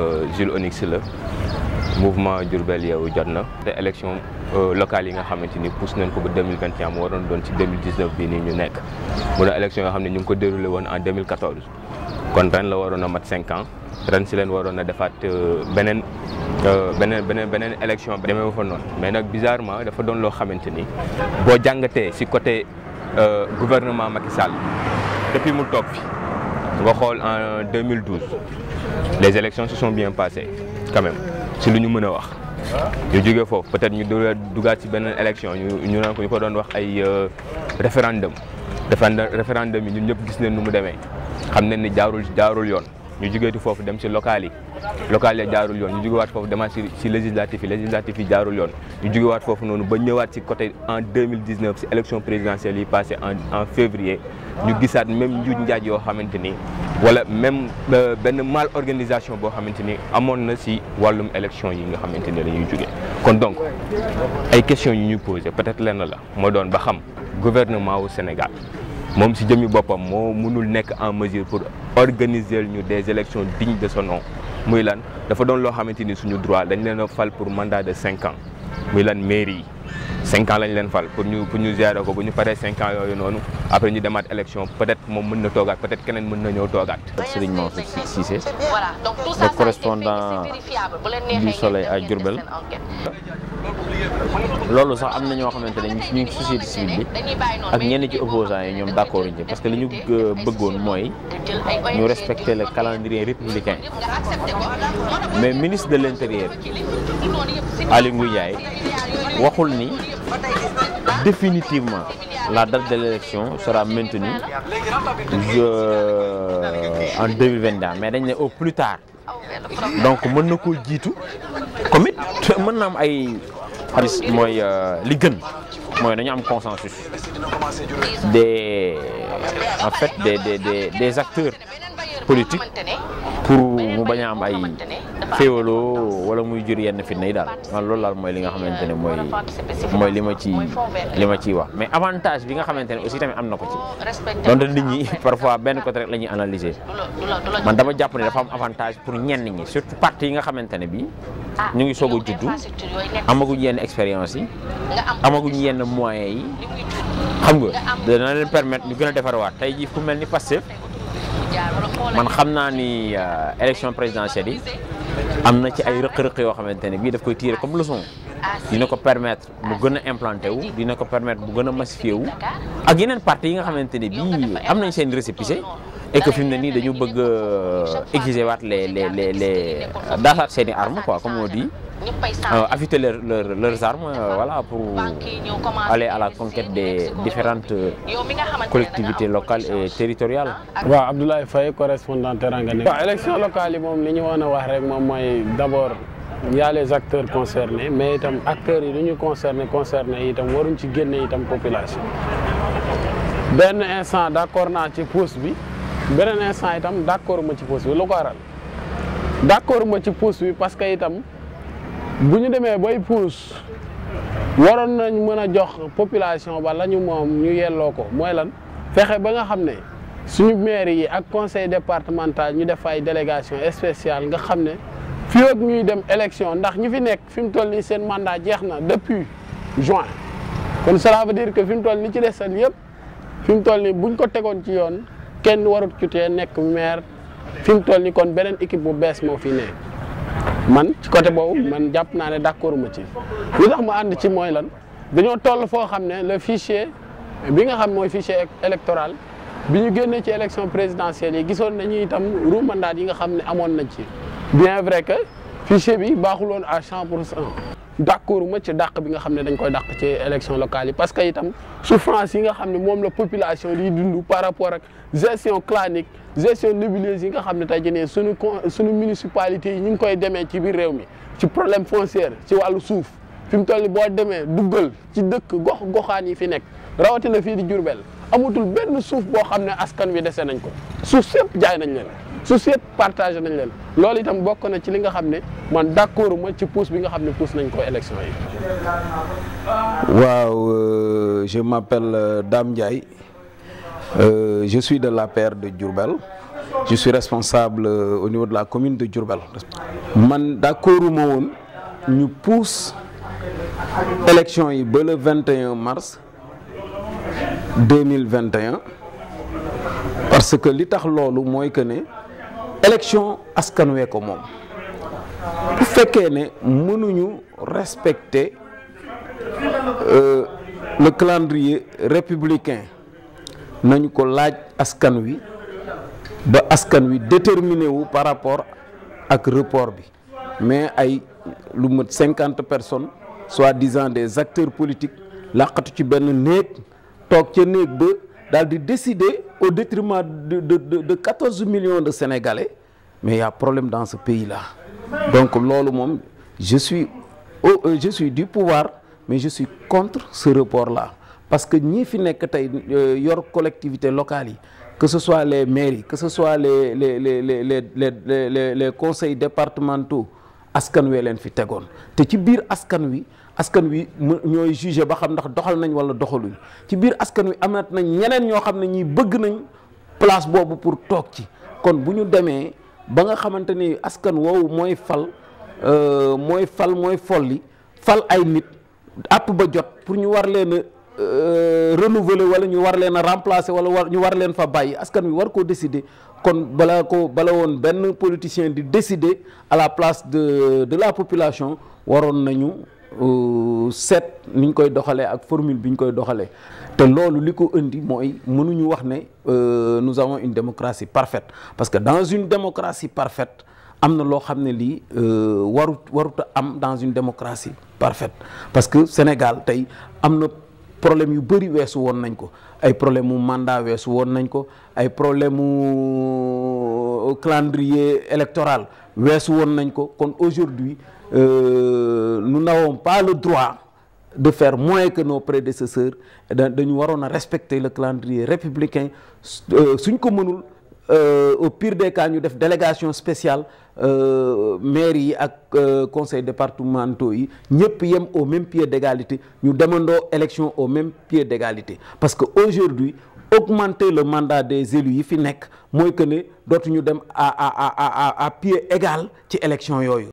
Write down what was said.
Euh, Jules Onyx la mouvement Diourbel Yeewu jot na te élection euh, locale yi nga xamante ni pousse nañ ko ba 2021 mu waroon doon ci 2019 bii nii ñu nekk mu doon élection yoo xam ne ñu ngi ko déroulé woon en kon ren la waroon a mat 5 ans ren si leen waroon a defaat euh, beneen beneen beneen beneen élection bi demee fa noon mais nag bizarrement dafa doon loo xamante ni boo jàngatee si côté gouvernement Macky Sall depuis mu toog nga xool en 2012 les élections se sont bien passées quand même si lu ñu mën a wax. ñu jógee foofu peut-être ñu dugaat ci benn élection ñu ñu ko ñu ko doon wax ay euh, référendum référendum yi ñu ñëpp gis nañ nu mu demee xam nañ ni jaarul jaarul yoon ñu jógeeti foofu dem ci local yi. local ya jaarul yoon ñu jugewaat foofu demaat si si législatif yi législatif yi jaarul yoon ñu jugewaat foofu noonu ba ñëwaat si côté en 2019 si élection présidentielle yi passé en en février ñu gisaat même njuuj njaaj yoo xamante ni wala même euh, benn mal organisation boo xamante ni amoon na si wàllum élection yi nga xamante ni la ñuy kon donc ay question yu ñu posé peut-être lenn la moo doon ba xam gouvernement wu Sénégal moom si jëmi boppam moo mënul nekk en mesure pour organiser ñu des élections dignes de son nom muy lan dafa doon loo xamante ni suñu droit dañ leen fal pour mandat de cinq ans muy lan mairie yi cinq ans lañ leen fal pour ñu pour ñu gérer ko bu ñu paree cinq ans yooyu noonu après ñu demaat élection peut moom mën na toogaat peut-être keneen mën na ñëw toogaat. Serigne Mansour Cissé le correspondant du Soleil ay Diourbel. loolu sax am na ñoo xamante ne ñu ngi société civile bi ak ñenn ci opposants yi ñoom d' accord ñu ci parce que li euh, bëggoon mooy ñu respecter le calendrier républicain mais ministre de l' intérieur Aly jaay waxul ni définitivement la date de l' élection sera maintenue euh, en 2022 mais dañ ne au plus tard donc mën na koo jiitu comme it mën na am ay xadis mooy euh, li gën mooy nañu am consensus des en fait des des des des acteurs politique pour mu bañ ay féewaloo wala muy jur yenn fitna yi daal man loolu daal mooy li nga xamante ne euh, mooy mooy li ma ci li ma ciy wax mais avantage bi nga xamante ne aussi tamit am na ko ci donte nit ñi parfois benn côté rek la ñuy analyser man dama jàpp ne dafa am avantage pour ñenn ñi surtout parti yi nga xamante ne bi ah, ñu ngi soog a juddu amaguñ yenn expérience yi amaguñ yenn moyens yi xam nga dana leen permettre ñu gën a defarawaat tey jii ku mel ni man xam naa ni euh, élection présidentielle yi am na ci ay rëq-rëq yoo xamante ne bii daf koy tirer comme le leçon dina ko permettre mu gën a implanté wu dina ko permettre mu gën a massifié wu ak yeneen parti yi nga xamante ne bii am nañ seen récépissé et que fi mu nii dañu bëgg euh, exiger waat les les les les daasaat seen i armes quoi comme on dit euh, affûter leur leur leurs armes euh, voilà pour aller à la conquête des différentes collectivités locales et territoriales. waaw Abdoulaye Faye correspondant Teranga ne. waaw élection locale yi moom li ñu woon a wax rek moom mooy d'abord y a les acteurs concernés mais itam acteurs yi lu ñu concerné concerné itam waruñ ci génne itam population. benn instant d'accord naa ci pousse bi. beneen instant itam d' accord ma ci poste bi lu ko waral d' accord ma ci poste bi parce que itam bu ñu demee bay pousse waroon nañ mën a jox population ba la ñu moom ñu yelloo ko mooy lan fexe ba nga xam ne suñu maire yi ak conseil départemental ñu def ay délégation spéciale nga xam ne fii ak ñuy dem élection ndax ñi fi nekk fi mu toll nii seen mandat jeex na depuis juin kon cela veut dire que fi mu toll ni ci desal yëpp fi mu toll nii buñ ko tegoon ci yoon. kenn warut cutee nekk maire fi mu toll ni kon beneen équipe bu bees moo fi ne man ci côté boobu man jàpp naa ne d'accord ma ci li tax ma ànd ci mooy lan dañoo toll foo xam ne la fichier bi nga xam mooy fichier électoral bi ñu génnee ci élection présidentielle yi gisoon nañu itam ru mandat yi nga xam ne amoon nañ ci bien vrai que fichier bi baaxul woon à 100 pour cent d'accord ma ci dàq bi nga xam ne dañ koy dàq ci élection locale yi parce que itam souffrance yi nga xam ne moom la population di dund par rapport ak gestion clanique gestion nébuleuse yi nga xam ne tey jii ne suñu suñu municipalité yi ñu ngi koy demee ci biir réew mi ci problème foncier ci wàllu suuf fi mu toll boo demee duggal ci dëkk gox goxaan yi fi nekk rawatina fii di Diourbel amatul benn suuf boo xam ne askan wi dese nañ ko suuf sépp jaay nañ leen suuf sépp partagé nañ leen loolu itam bokk na ci li nga xam ne. man d' accord ma ci pousse bi nga xam ne pousse nañ ko élection yi. waaw euh, je m' appelle euh, Dame Ndiaye euh, je suis de l'APR de Diourbel je suis responsable euh, au niveau de la commune de Diourbel. man d' accord ma woon ñu pousse élection yi ba le 21 mars 2021 parce que li tax loolu mooy que ne élection askan wee ko moom. fekkee ne mënuñu respecter euh, le calendrier républicain nañu ko laaj askan wi ba askan wi déterminé wu par rapport ak report bi mais ay lu mat cinquante personnes soi-disant des acteurs politiques làqatu ci benn néeg toog ca néeg ba daal di décider au détriment de de de quatorze millions de Sénégalais mais y problème dans ce pays la donc loolu moom je suis au euh, je du pouvoir mais je contre ce report là parce que ñii fi nekk tey euh, yor collectivité locale yi que ce soit les mairies que ce soit les les les les les les les, les conseils départementaux askan wee leen fi tegoon te ci biir askan wi askan wi ñooy jugé ba xam ndax doxal nañ wala doxaluñ ci biir askan wi amaat nañ ñeneen ñoo xam ne ñii bëgg nañ place boobu pour toog ci kon bu ñu demee. ba nga xamante ni askan woowu mooy fal euh, mooy fal mooy folli fal ay nit àpp ba jot pour ñu war leen a euh, renouveler wala ñu war leen a remplacer wala war ñu war leen fa bàyyi askan wi war koo décider kon bala ko bala woon benn politicien di décider à la place de de la population waroon nañu. Euh, seet ni ñu koy doxalee ak formule bi ñu koy doxalee te loolu li ko indi mooy mënuñu wax ne euh, nous avons une démocratie parfaite parce que dans une démocratie parfaite am na loo xam ne lii euh, warut warut a am dans une démocratie parfaite parce que Sénégal tey am na problème yu bëri weesu woon nañ ko ay problème mu mandat weesu woon nañ ko ay problème mu calendrier électoral weesu woon nañ ko kon aujourd'hui n'avons pas le droit de faire moins que nos prédécesseurs dañu waroon a respecter le calendrier républicain euh, suñ ko mënul euh, au pire de cas ñu def délégation spéciale euh, maire yi ak conseil départementaux yi ñëpp yem au même pied d'égalité ñu demandoo élection au même pied d'égalité parce que aujourd'hui augmenter le mandat des élus yi fi nekk mooy que ne dootuñu dem à à à à à pied égal ci élection yooyu